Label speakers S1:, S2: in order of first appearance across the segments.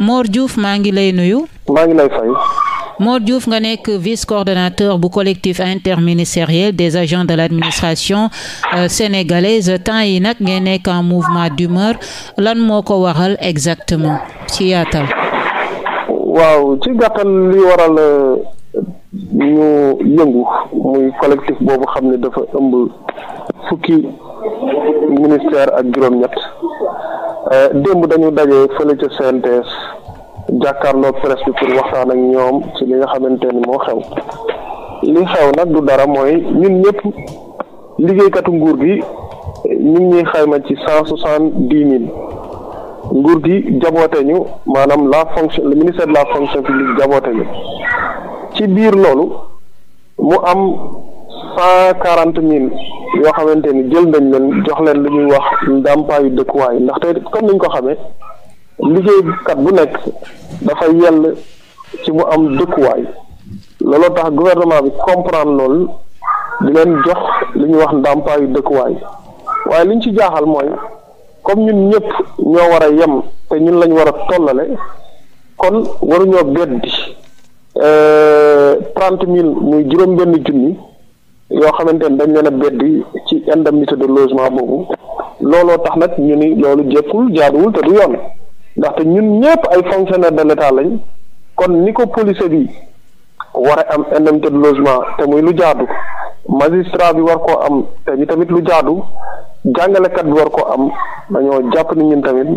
S1: Mor Diouf maa ngi lay nuyu. maa ngi lay fay. Mor nga nekk vice-coordonnateur bu collectif interministériel des agents de l'administration euh, sénégalaise temps yi nag ngay nekk en mouvement d'humeur lan moo ko waxal exactement ci yaatal.
S2: waaw ci gàttal li waral euh, ñu yëngu muy collectif boobu xam ne dafa ëmb fukki ministère ak juróom-ñett. Euh, démb dañu daje fële ca CNTS jàkkaarloog bi pour waxtaan ak ñoom ci li nga xamante ni moo xew li xew nag du dara mooy ñun ñëpp liggéeykatu nguur gi ñu ñuy xayma ci cent soixante dix mille nguur gi jaboote ñu maanaam la fonction le ministère de la fonction publique jaboote ñu ci biir loolu mu am. cent quarante mille yoo xamante ni jël nañ leen jox leen lu ñuy wax ndàmpaayu dëkkuwaay ndax tey comme niñ ko liggéey liggéeykat bu nekk dafa yell ci mu am dëkkuwaay looloo tax gouvernement bi comprendre lool di leen jox li ñuy wax ndàmpaayu dëkkuwaay waaye liñ ci jaaxal mooy comme ñun ñëpp ñoo war a yem te ñun lañ war a tollale kon waruñoo beddi euh, trente mille muy juróom benn junni yoo xamante ne dañ leen a beddi ci indemnité de logement boobu looloo tax nag ñu ni loolu jëkkul jaaduwul te du yoon ndaxte ñun ñëpp ay fonctionnaire de l'état lañ kon ni ko police bi war a am indemnité de te muy lu jaadu magistrat bi war koo am te ñu tamit lu jaadu jàngalekat bi war ko am dañoo jàpp ni ñun tamit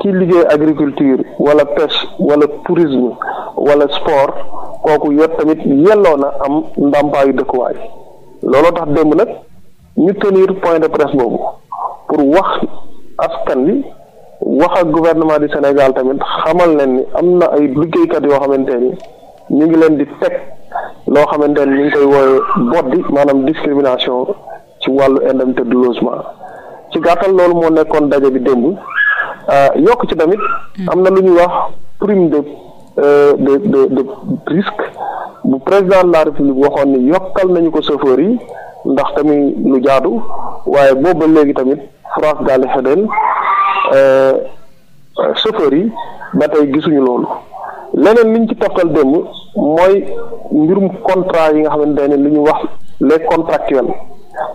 S2: ki liggéey agriculture wala pêche wala tourisme wala sport kooku yot tamit yelloo na am ndàmpaayu dëkkuwaay looloo tax démb nag ñu tenir point de presse boobu pour wax askan bi wax ak gouvernement du Sénégal tamit xamal leen ni am na ay liggéeykat yoo xamante ni ñu ngi leen di teg loo xamante ni ñu ngi koy woowe boddi maanaam discrimination ci wàllu indemnité de logement ci gàttal loolu moo nekkoon daje bi démb euh, yokk ci tamit mm. am na lu ñuy wax prime de euh, de de de bu président de la république waxoon ni yokkal nañu ko chauffeur yi ndax tamit lu jaadu waaye booba léegi tamit France daal di xedeel euh, euh, chauffeur yi ba tey gisuñu loolu leneen liñ ci taftal démb mooy mbirum contrat yi nga xamante ne li ñu wax les contractuels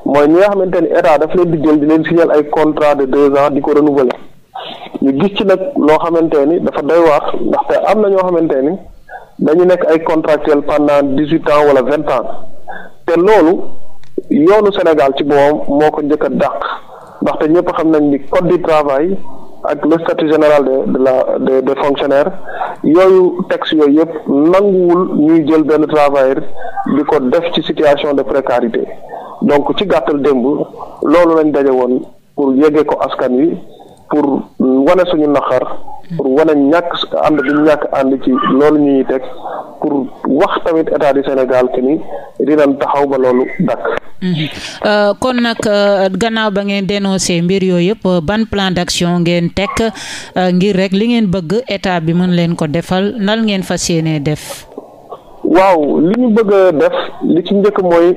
S2: mooy ñi nga xamante ni état daf leen di jël di leen signal ay contrat de deux ans di ko renouveler ñu gis ci nag loo xamante ni dafa doy waar ndaxte am na ñoo xamante ni dañu nekk ay contractuel pendant dix huit ans wala vingt ans te loolu yoonu Sénégal ci boobam moo ko njëkk a dàq ndaxte ñëpp xam nañ ni code du travail ak le statut général de de la de de fonctionnaire yooyu texte yooyu yëpp nanguwul ñuy jël benn travailleur di ko def ci situation de précarité donc ci gàttal démb loolu lañ daje woon pour yége ko askan wi. pour wane suñu naqar pour wane ñàkk ànd bi ñàkk ànd ci loolu ñuy teg pour wax tamit état du Sénégal que ni dinañ taxaw ba loolu dakk
S1: mhm. euh, kon nag euh, gannaaw ba ngeen dénoncé mbir yooyu yëpp euh, ban plan d'action ngeen teg ngir rek li ngeen bëgg état bi mën leen ko defal nal ngeen fa yéenee def.
S2: waaw li ñu bëgg a def li ci njëkk mooy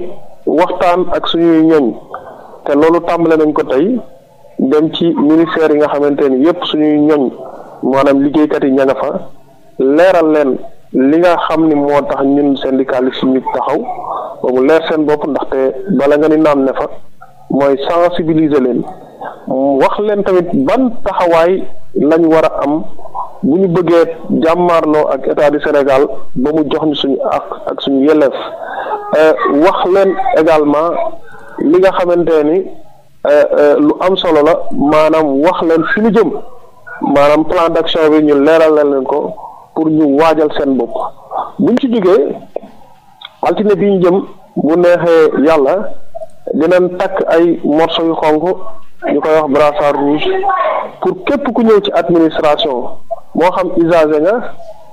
S2: waxtaan ak suñuy ñoñ te loolu tàmbale nañ ko tey. dem ci ministère yi nga xamante ni yëpp suñuy ñoñ maanaam liggéeykat yi ña fa leeral leen li nga xam ni moo tax ñun syndicaliste ñu taxaw ba mu leer seen bopp ndaxte bala nga ni naam ne fa mooy sensibiliser leen wax leen tamit ban taxawaay lañ war a am bu ñu bëggee jàmmaarloo ak état du Sénégal ba mu jox ñu suñu ak ak suñu yelleef euh, wax leen également li nga xamante ni Euh, euh, lu am solo la maanaam wax leen fi ñu jëm maanaam plan d'action bi ñu leeral leen ko pour ñu waajal seen bopp buñ ci jógee altine bi ñu jëm bu neexee yàlla dinañ takk ay morso yu xonk ñu koy wax brassard rouge pour képp ku ñëw ci administration moo xam usager nga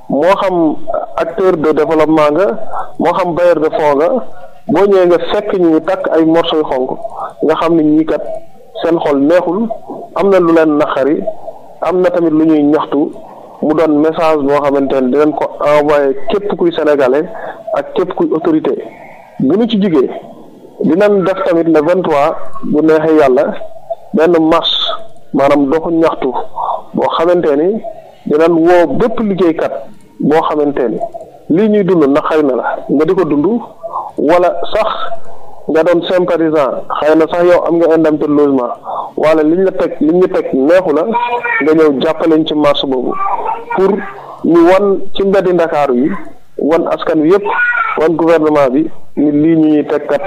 S2: moo xam acteur de développement nga moo xam bailleur de fonds nga boo ñëwee nga fekk ñu tàkk ay morceaux yu xonk nga xam ne ñii kat seen xol neexul am na lu leen naqari am na tamit lu ñuy ñaxtu mu doon message boo xamante ne dinañ ko envoyé képp kuy sénégalais ak képp kuy autorité bu ñu ci jigee dinañ def tamit le 23 bu neexee yàlla benn marche maanaam doxu ñaxtu boo xamante ni dinañ woo bépp liggéeykat boo xamante ni lii ñuy dund naqari na la nga di ko dund. wala sax nga doon sympathisant xëy na sax yow am nga indemnité de logement wala liñ la teg liñ ñu teg neexu la nga ñëw jàppaleñ ci marche boobu pour ñu wan ci mbeddi ndakaaru yi wan askan wi yëpp wan gouvernement bi ni lii ñuy teg kat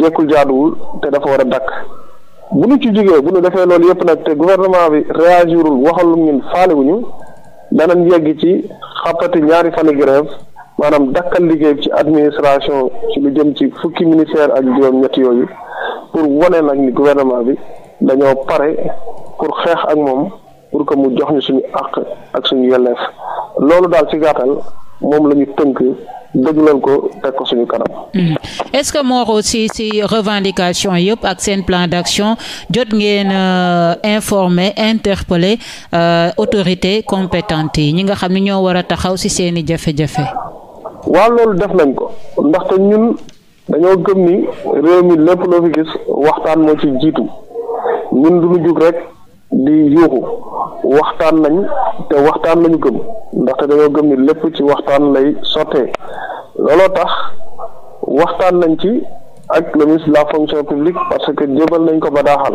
S2: jekkul jaaduwul te dafa war a dakk bu ñu ci jógee bu ñu defee loolu yëpp nag te gouvernement bi réagirul waxalum ñun faalewuñu danañ yegg ci xàppati ñaari fani grève maanaam dakkal liggéey ci administration ci lu jëm ci fukki ministère ak juróom-ñett yooyu pour wane nag ni gouvernement bi dañoo pare pour xeex ak moom pour que mu jox ñu suñu àq ak suñu yelleef loolu daal ci gàttal moom la ñu tënk dëggal ko teg ko suñu kanam.
S1: Hmm. est-ce que Mor aussi si revendication yëpp ak seen plan d'action jot ngeen euh, informer interpeller euh, autorités compétentes yi ñi nga xam ni ñoo war a taxaw si seen i jafe-jafe.
S2: waaw loolu def nañ ko ndaxte ñun dañoo gëm ni réew mi lépp loo fi gis waxtaan moo ci jiitu ñun du ñu jug rek di yuuxu waxtaan nañ te waxtaan lañu gëm ndaxte dañoo gëm ni lépp ci waxtaan lay sottee looloo tax waxtaan nañ ci ak le ministre de la fonction publique parce que jébal nañ ko ba daaxal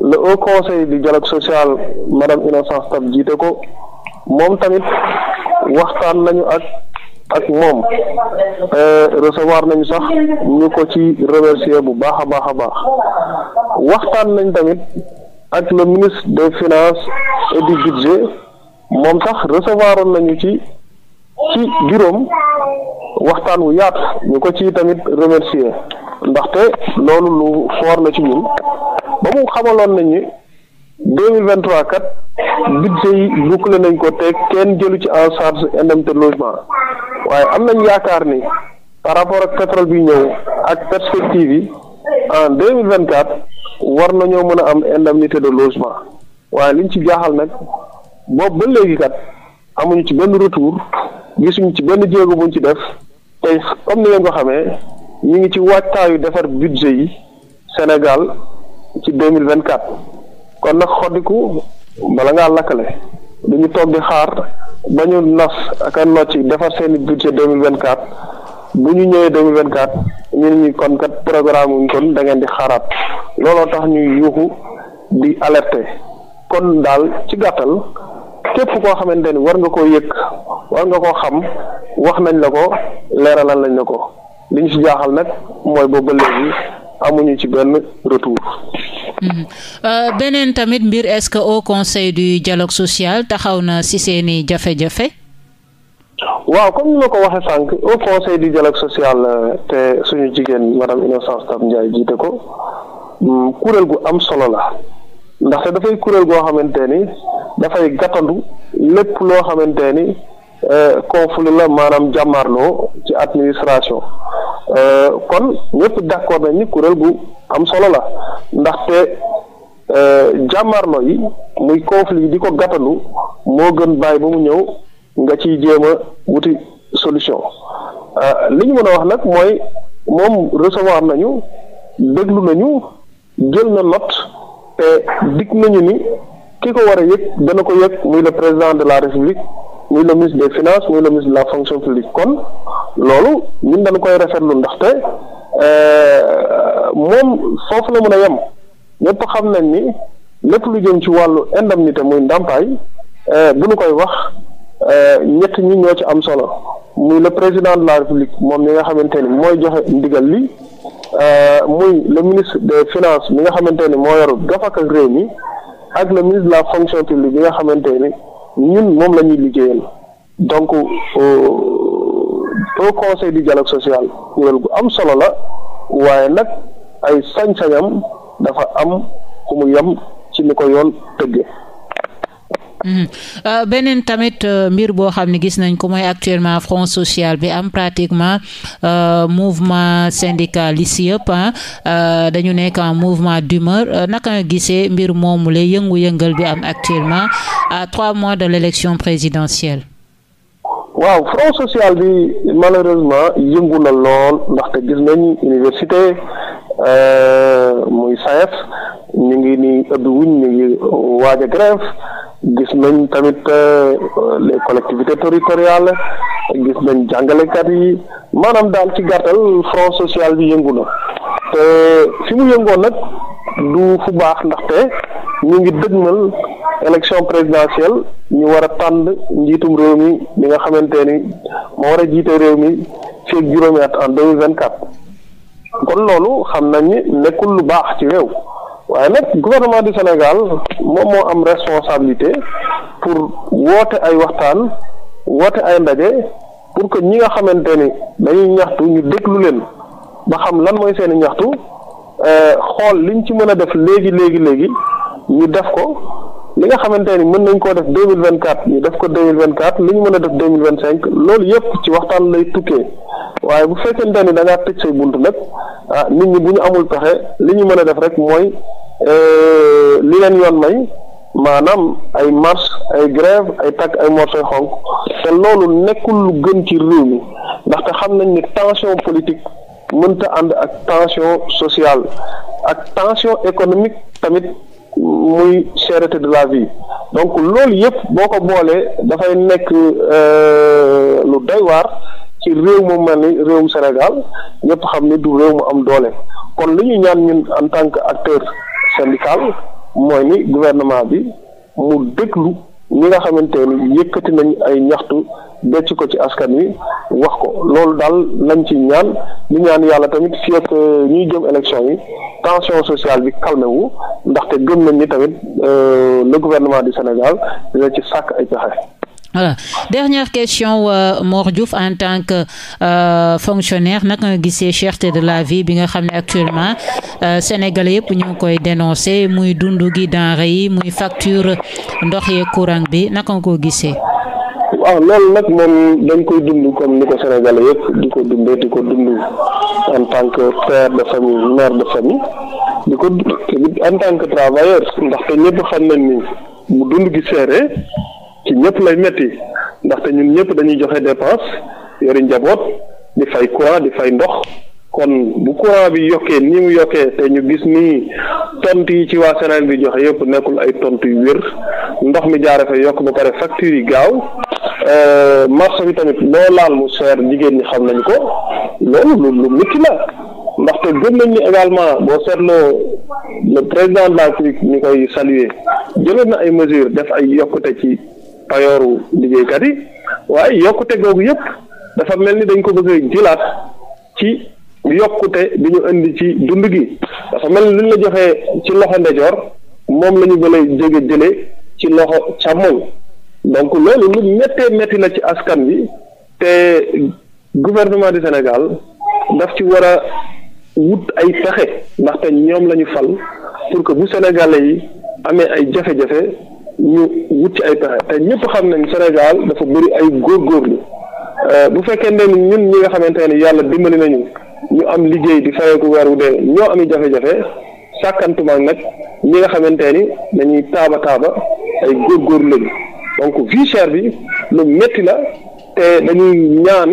S2: le haut conseil du dialogue social madame Innocence Ntap jiite ko moom tamit waxtaan nañu ak ak moom euh, recevoir nañu sax ñu ko ci remercier bu baax a baax a baax waxtaan nañ tamit ak le ministre des finances et du moom sax recevoir nañu ci ci bureau waxtaan wu yaatu ñu ko ci tamit remercier ndaxte loolu lu foor la ci ñun ba mu xamaloon nañ deux mille vingt trois kat budget yi bouclé nañ ko te kenn jëlu ci en charge indemnité logement waaye am nañ yaakaar ni par rapport ak pétrole bi ñëw ak perspective yi en deux mille vingt quatre war nañoo mën a am indemnité de logement waaye liñ ci jaaxal nag boobu ba léegi kat amuñu ci benn retour gisuñu ci benn jéego buñ ci def tey comme ni ngeen ko xamee ñu ngi ci waajtaayu defar budget yi Sénégal ci deux mille vingt quatre kon nag xoddiku bala ngaa lakkale dañu toog di xaar ba ñu nas ak a yi defar seeni budget deux mille vingt quatre bu ñu ñëwee deux mille vingt quatre ñu ñu kon kat programme wuñ kon da ngeen di xaaraat looloo tax ñuy yuuxu di alerte kon daal ci gàttal képp koo xamante ni war nga koo yëg war nga koo xam wax nañ la ko leeralal nañ la ko li ñu si jaaxal nag mooy boobu ba léegi amuñu ci benn retour.
S1: Mhm. Euh, beneen tamit mbir est-ce que au conseil du dialogue social taxaw na ci seeni jafe-jafe.
S2: waaw comme ni ma ko waxee sànq au conseil du dialogue social euh, te suñu jigéen madame Innocence Ntap Ndiaye jiite ko mm, kuréel gu am solo la ndaxte dafay kuréel goo xamante ni dafay gàttandu lépp loo xamante ni euh, conflit la maanaam jàmmarloo ci administration Euh, kon ñëpp d'accord nañ ni kuréel gu am solo la ndaxte euh, jàmmaarlo yi muy conflit di ko gàttalu moo gën bàyyi ba mu ñëw nga ciy jéem a wuti solution euh, li ñu mën a wax nag mooy moom recevoir nañu déglu nañu jël na note te dig nañu ni ki ko war a yëg dana ko yëg muy le président de la république muy le ministre des finances muy le ministre de la fonction publique kon loolu ñun dañu koy rafetlu ndaxte euh, moom foofu la mën a yem ñëpp xam nañ ni lépp lu jëm ci wàllu indemnité muy ndàmpaay euh, bu ñu koy wax euh, ñett ñi ñoo ci am solo muy le président de la république moom mi nga xamante ni mooy joxe ndigal li muy le ministre des finances mi nga xamante ni moo yor gafak réew mi ak le ministre de la fonction publique bi nga xamante ne ñun moom la ñuy liggéeyal donc euh, au conseil du dialogue social kuréel gu am solo la waaye nag ay sañ-sañam dafa am ku mu yem ci ni ko yoon tëgge
S1: Mhm. Euh, beneen tamit euh, mbir boo xam ne gis nañ ko mooy actuellement front sociale bi am pratiquement euh, mouvement syndical yi si yëpp ah, dañu nekk en mouvement d'humeur naka nga gisee mbir moomu la yëngu-yëngal bi am actuellement à trois mois de l'élection présidentielle.
S2: waaw front social bi malheureusement yëngu na lool ndaxte gis nañ université. Euh, muy SAES ñu ngi nii ëpp wuñ ñu ngi waaj a gis nañ tamit euh, les collectivités territoriales gis nañ jàngalekat yi maanaam daal ci gàttal front sociale bi yëngu na te fi mu yëngoon nag du fu baax ndaxte ñu ngi dëgmal élection présidentielle ñu war a tànn njiitum réew mi li nga xamante ni moo war a jiite réew mi fii ak juróomi en deux vingt quatre kon loolu xam nañ ni nekkul lu baax ci réew waaye nag gouvernement du Sénégal moom moo am responsabilité pour woote ay waxtaan woote ay ndaje pour que ñi nga xamante ni dañuy ñaxtu ñu déglu leen ba xam lan mooy seeni ñaxtu euh, xool liñ ci mën a def léegi léegi léegi ñu def ko. li nga xamante ni mën nañ koo def deux mille vingt quatre ñu def ko deux mille vingt quatre li ñu mën a def deux mille vingt cinq loolu yëpp ci waxtaan lay tukkee waaye bu fekkente ni da ngaa tëj say bunt nag ah nit ñi bu ñu amul pexe li ñu mën a def rek mooy euh, li leen yoon may maanaam ay marche ay grève ay takk ay morsoy xonk te loolu nekkul lu gën ci réew mi ndaxte xam nañ ni tension politique mënta ànd ak tension sociale ak tension économique tamit. muy cherté de la vie donc loolu yëpp boo ko boolee dafay nekk euh, lu doy waar ci réew mu mel ni réewum Sénégal ñëpp xam ni du réew mu am doole kon li ñu ñaan ñun en tant que acteur syndical mooy ni gouvernement bi mu déglu ñi nga xamante ni yëkkati nañ ay ñaxtu decc ko ci askan wi wax ko loolu daal lañ ci ñaan ñu ñaan yàlla tamit fii ak euh, ñuy jëm élection yi tension sociale bi calmé wu ndaxte gëm ni tamit euh, le gouvernement du Sénégal dina ci sàkk ay pexe.
S1: voilà dernière question euh, Mor en tant que euh, fonctionnaire naka nga gisee cherte de la vie bi nga xam ne actuellement euh, sénégalais yëpp ñu ngi koy dénoncer muy dund gi denrée yi muy facture ndox yeeg courant bi naka nga koo gisee.
S2: waaw ah, loolu nag moom dañ koy dund comme ni ko Sénégalais yëpp di ko dundee di ko dund en tant que père de famille mère de famille di ko en tant que travailleur ndaxte ñëpp xam nañ ni bu dund gi seere ci ñëpp lay metti ndaxte ñun ñëpp dañuy joxe dépense yori njaboot di fay courant di fay ndox kon bu courant bi yokkee ni mu yokkee te ñu gis nii tontu yi ci waa Sénégal bi joxe yëpp nekkul ay tont yu wér ndox mi jaare fa yokk ba pare facture yi gaaw Euh, marso bi tamit loo laal mu seer jigéen ñi xam nañ ko loolu lu lu métti la ndaxte gëm nañ ni également boo seetloo le président de la ñu koy saluer jëloon na ay mesures def ay yokkute ci payooru liggéeykat yi waaye yokkute googu yëpp dafa mel ni dañ ko bëgg a jëlaat ci yokkute bi ñu indi ci dund gi dafa mel ni luñ la joxee ci loxo ndejoor moom la ñu bële jóge jële ci loxo càmmoñ donc loolu lu méttee métti la ci askan bi te gouvernement di Sénégal daf ci war a wut ay pexe ndaxte ñoom la ñu fal pour que bu sénégalais yi amee ay jafe-jafe ñu wut ci ay pexe te ñëpp xam nañ Sénégal dafa bëri ay góor góorgóorlu euh, bu fekkee ne ñun ñi nga xamante ne yàlla dimbali nañu ñu am liggéey di ku weer wu dee ñoo ami jafe-jafe sàkkantumaak nag ñi nga xamante ni dañuy taaba taaba ay góorgóorlu lañu donc vie bi lu métti la te dañuy ñaan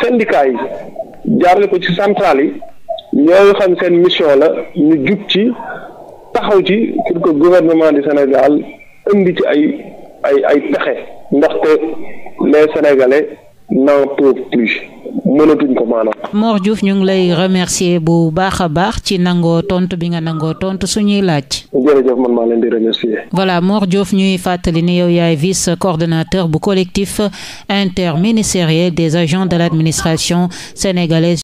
S2: syndicat yi jaarle ko ci centrale yi ñoo xam seen mission la ñu jub ci taxaw ci pour que gouvernement du Sénégal indi ci ay ay ay pexe ndaxte les Sénégalais. n'en peuvent
S1: ñu ngi lay remercier bu baax a baax ci nangoo tontu bi nga nangoo tontu suñuy laaj. voilà Mor Diouf ñuy fàttali ni yow yaay vice coordonnateur bu collectif inter interministériel des agents de l'administration sénégalaise.